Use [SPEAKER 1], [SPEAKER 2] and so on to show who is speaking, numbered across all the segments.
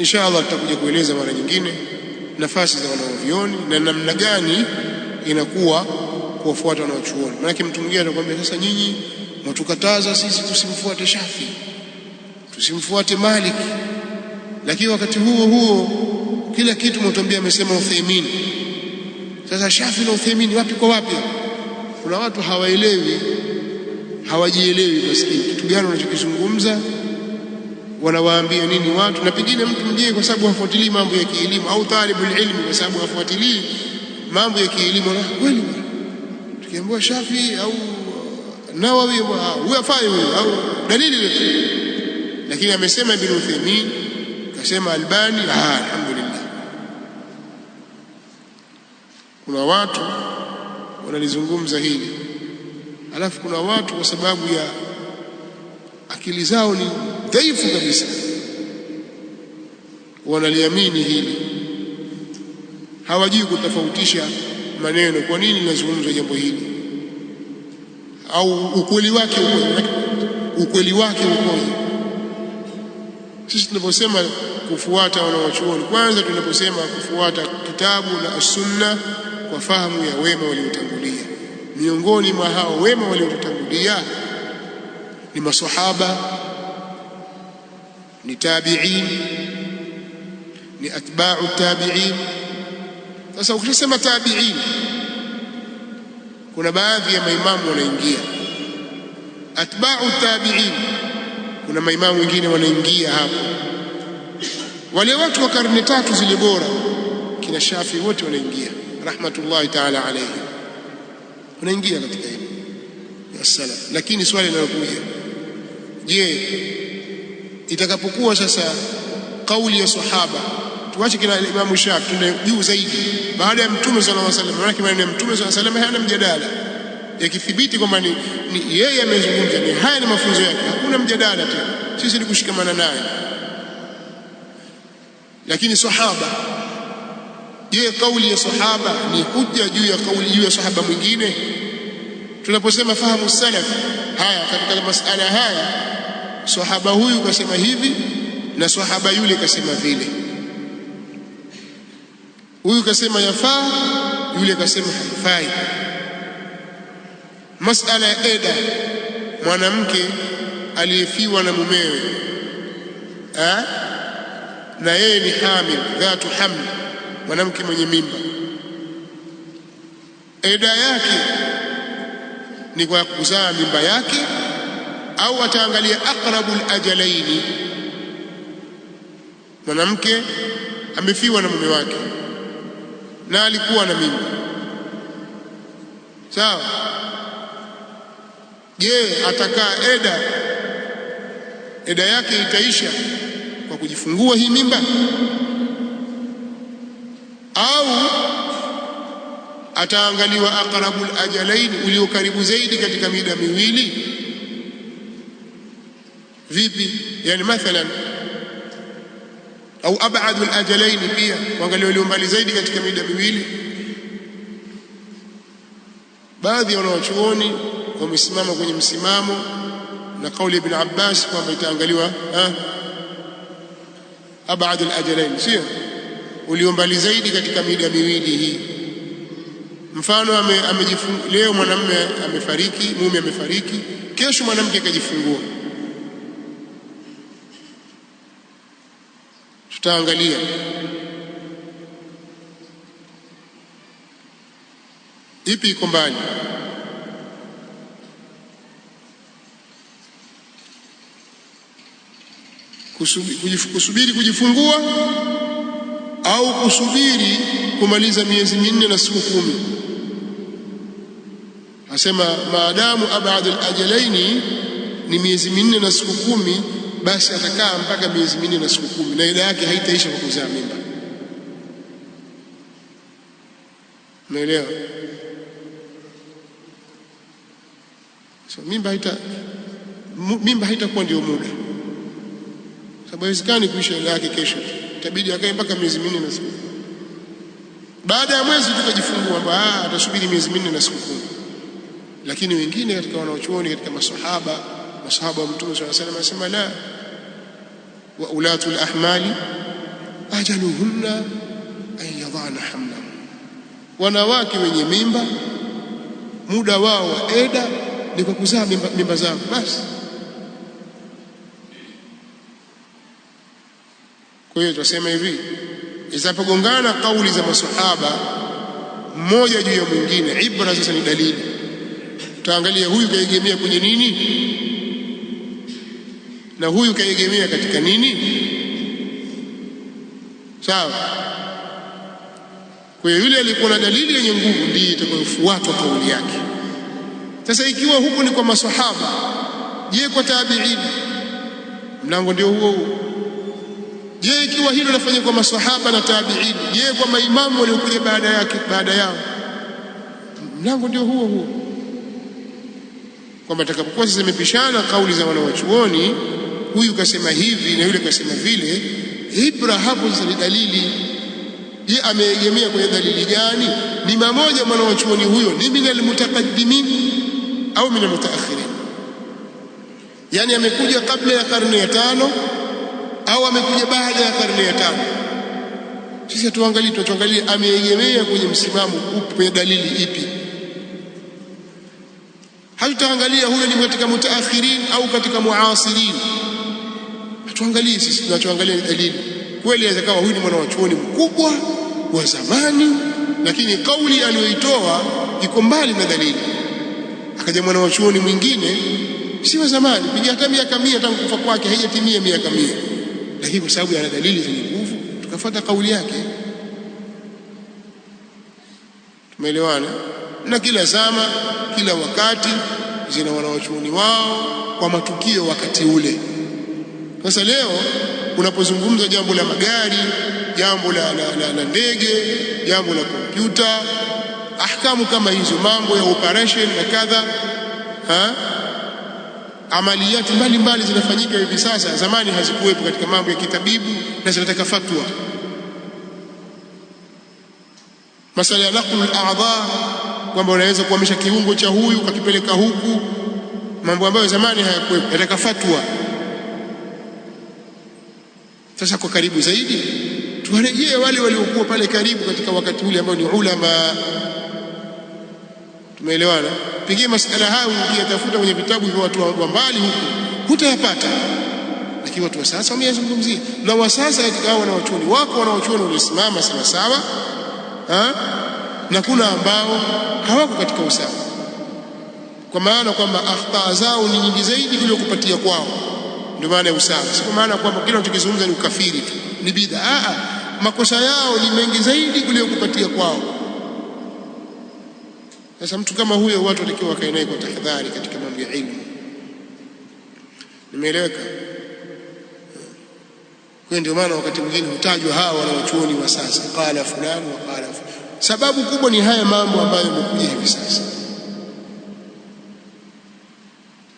[SPEAKER 1] insha Allah tutakuja kueleza mara nyingine nafasi za wanaovioni na namna gani inakuwa kuwafuata wanaochuoni. Maanake mtu mwingine atakwambia, sasa nyinyi mwatukataza sisi tusimfuate Shafi, tusimfuate Malik, lakini wakati huo huo kila kitu mwatuambia amesema Uthaymeen. Sasa Shafi na Uthaymeen wapi kwa wapi? Kuna watu hawaelewi, hawajielewi. Maskini, kitu gani unachokizungumza wanawaambia nini watu, na pengine mtu mjie kwa sababu hafuatilii mambo ya kielimu, au talibul ilmi kwa sababu hafuatilii mambo ya kielimu. Na kweli tukiambiwa Shafi au Nawawi, huyo afai huyo, au dalili lote, Lakini amesema Ibn Uthaymeen, kasema Albani, alhamdulillah. Kuna watu wanalizungumza hili, alafu kuna watu kwa sababu ya akili zao ni dhaifu kabisa, wanaliamini hili, hawajui kutofautisha maneno. Kwa nini nazungumza jambo hili au ukweli wake Ukweli wake uko? Sisi tunaposema kufuata wanawachuoni, kwanza tunaposema kufuata kitabu na sunna kwa fahamu ya wema waliotangulia, miongoni mwa hao wema waliotangulia ni masahaba ni tabi'in ni atba'u tabi'in. Sasa ukishasema tabi'in, kuna baadhi ya maimamu wanaingia atba'u tabi'in, kuna maimamu wengine wanaingia hapo, wale watu wa karne tatu zile bora, kina Shafi wote wanaingia rahmatullahi ta'ala alayhi, wanaingia katika hilo. Wassalam. Lakini swali linalokuja Je, itakapokuwa sasa kauli ya sahaba, tuache kila Imamu Shafi, tuende juu zaidi, baada ya Mtume sallallahu alaihi wasallam. Maanake maneno ya Mtume sallallahu alaihi wasallam hayana mjadala, yakithibiti kwamba ni yeye amezungumza, ni haya ni mafunzo yake, hakuna mjadala tena, sisi ni kushikamana naye. Lakini sahaba, je, kauli ya sahaba ni hujja juu ya kauli juu ya sahaba mwingine? Tunaposema fahamu salaf, haya katika masala haya sahaba huyu kasema hivi na sahaba yule kasema vile, huyu kasema yafaa, yule kasema haifai. Masala ya eda, mwanamke aliyefiwa na mumewe ha? na yeye ni hamil, dhatu hamli, mwanamke mwenye mimba, eda yake ni kwa kuzaa mimba yake au ataangalia aqrabu ajalaini, mwanamke amefiwa na mume wake na alikuwa na mimba sawa. Je, atakaa eda eda yake itaisha kwa kujifungua hii mimba, au ataangaliwa aqrabu ajalaini, uliokaribu zaidi katika mida miwili Vipi? Yani mathalan au abadu lajalaini pia wangalia mbali zaidi katika mida miwili. Baadhi ya wanawachuoni wamesimama kwenye msimamo na kauli ya Ibn Abbas kwamba itaangaliwa abadu alajalaini, sio mbali zaidi katika mida miwili hii. Mfano ame, ame leo mwanamume amefariki, mume amefariki, kesho mwanamke akajifungua tutaangalia ipi iko mbali kusubiri kujifungua au kusubiri kumaliza miezi minne na siku kumi. Asema maadamu abadul ajalaini ni miezi minne na siku kumi basi atakaa mpaka miezi minne na siku kumi, na ida yake haitaisha kwa kuzaa mimba. Naelewa So mimba haita mimba haitakuwa ndio muda, sababu haiwezekani kuisha ida yake kesho, itabidi akae mpaka miezi minne na siku kumi. Baada ya mwezi tukajifungua kwamba ah, atasubiri miezi minne na siku kumi. Lakini wengine katika wanaochuoni katika masahaba masahaba wa mtume sallallahu alayhi wasallam anasema la wa ulatu lahmali ajaluhunna an yadhana hamlahum, wanawake wenye mimba muda wao wa eda ni kwa kuzaa mimba, mimba zao basi. Kwa hiyo tunasema hivi, izapogongana kauli za masahaba mmoja juu ya mwingine, ibra sasa ni dalili. Tutaangalia huyu kaegemea kwenye nini na huyu kaegemea katika nini? Sawa. Kwa hiyo yule aliyekuwa na dalili yenye nguvu ndiye itakayofuatwa kauli yake. Sasa ikiwa huku ni kwa masahaba, je, kwa tabiini? Mlango ndio huo huo. Je, ikiwa hilo lafanyika kwa masahaba na tabiini, je, kwa maimamu waliokuja baada yake, baada yao? Mlango ndio huo huo, kwamba atakapokuwa sasa imepishana kauli za wanawachuoni huyu kasema hivi na yule kasema vile. Ibra hapo zile ni dalili. ye ameegemea kwenye dalili gani? Ni mamoja chuoni huyo ni minal mutaqaddimin au minal mutaakhirin? Yani amekuja kabla ya karne ya tano au amekuja baada ya karne ya tano? Sisi hatuangalie, tunachoangalia ameegemea kwenye msimamo upi, kwenye dalili ipi. Hatutaangalia huyo ni katika mutaakhirin au katika muasirin. Tuangalie sisi tunachoangalia ni dalili. Kweli inaweza kawa huyu ni mwana wa chuoni mkubwa wa zamani, lakini kauli aliyoitoa iko mbali na dalili. Akaja mwana wa chuoni mwingine, si wa zamani, piga hata miaka mia, tangu kufa kwake haijatimia miaka mia, lakini kwa sababu ana dalili zenye nguvu tukafuata kauli yake. Tumeelewana? Na kila zama, kila wakati zina wanawachuoni wao kwa matukio wakati ule. Sasa leo unapozungumza jambo la magari, jambo la, la, la, la ndege, jambo la kompyuta, ahkamu kama hizo, mambo ya operation na kadha, amaliyati mbalimbali zinafanyika hivi sasa, zamani hazikuwepo katika mambo ya kitabibu na zinataka fatwa. Masala ya naqlu al-a'dha, kwamba unaweza kuhamisha kiungo cha huyu ukakipeleka huku, mambo ambayo zamani hayakuwepo, yataka fatwa. Sasa kwa karibu zaidi tuwarejee wale waliokuwa pale karibu katika wakati ule ambao ni ulama. Tumeelewana? Pengine masala hayo ukiyatafuta kwenye vitabu vya watu wa mbali huku hutayapata, lakini watu wa sasa wameyazungumzia, na wa sasa katika hao wanawachuoni wako wanawachuoni waliosimama sawasawa na kuna ambao hawako katika usawa, kwa maana kwamba akhtaa zao ni nyingi zaidi kuliko kupatia kwao ndio maana ya usawa. Si kwa maana kwamba kila tunachozungumza ni ukafiri tu, ni bidaa. Ah, ah, makosa yao ni mengi zaidi kuliko kupatia kwao. Sasa mtu kama huyo, watu watakiwa wakae naye kwa tahadhari katika mambo ya ilmu. Nimeeleweka? Kwa ndio maana wakati mwingine hutajwa hawa wanawachuoni wa sasa, qala fulani wa qala fulani. Sababu kubwa ni haya mambo ambayo yamekuja hivi sasa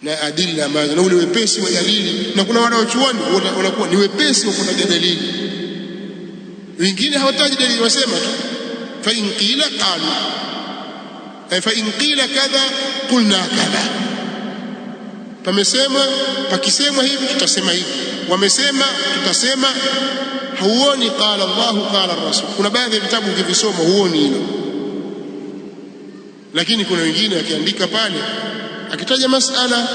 [SPEAKER 1] na adilla ambazo, na ule wepesi wa dalili. Na kuna wanaochuoni wanakuwa ni wepesi wa kutaja dalili, wengine hawataji dalili, wasema tu fa in qila qalu fa in qila kadha qulna kadha, pamesema pakisemwa hivi tutasema hivi, wamesema tutasema. Huoni qala Allahu qala rasul. Kuna baadhi ya vitabu ukivisoma huoni hilo, lakini kuna wengine wakiandika pale akitaja masala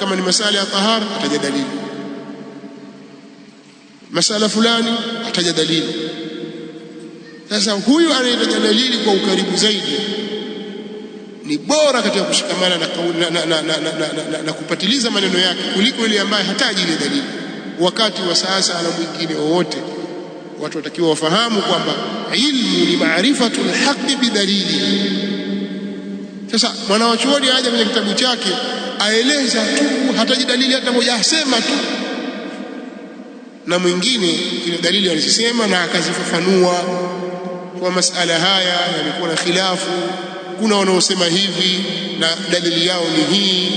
[SPEAKER 1] kama ni masala ya tahara ataja dalili, masala fulani ataja dalili. Sasa huyu anayetaja dalili kwa ukaribu zaidi ni bora katika kushikamana na kupatiliza maneno yake kuliko ile ambaye hataji ile dalili. Wakati wa sasa na mwingine wowote, watu watakiwa wafahamu kwamba ilmu ni maarifatul haqi bidalili sasa mwanawachuoni aje kwenye kitabu chake aeleza tu, hataji dalili hata moja, asema tu na mwingine ile dalili alizisema na akazifafanua kwa masala haya yalikuwa na khilafu. Kuna wanaosema hivi na dalili yao ni hii,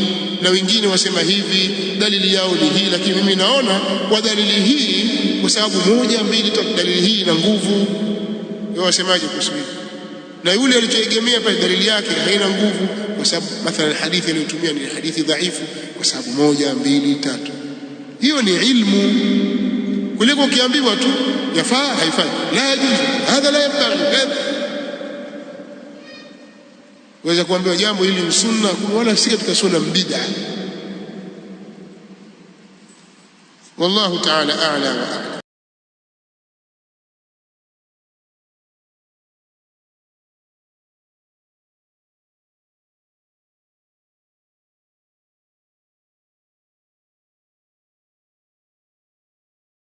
[SPEAKER 1] na wengine wasema hivi dalili yao ni hii, lakini mimi naona kwa dalili hii, kwa sababu moja mbili tu, dalili hii ina nguvu. Wasemaje kuhusu na yule alichoegemea pale dalili yake haina nguvu, kwa sababu mathalan hadithi aliyotumia ni hadithi dhaifu kwa sababu moja, mbili, tatu. Hiyo ni ilmu kuliko ukiambiwa tu yafaa haifai, la yajuzu hadha la yanbaghi. Waweza kuambiwa jambo hili ni sunna, wala si katika sunna, mbida. Wallahu taala a'la wa a'lam.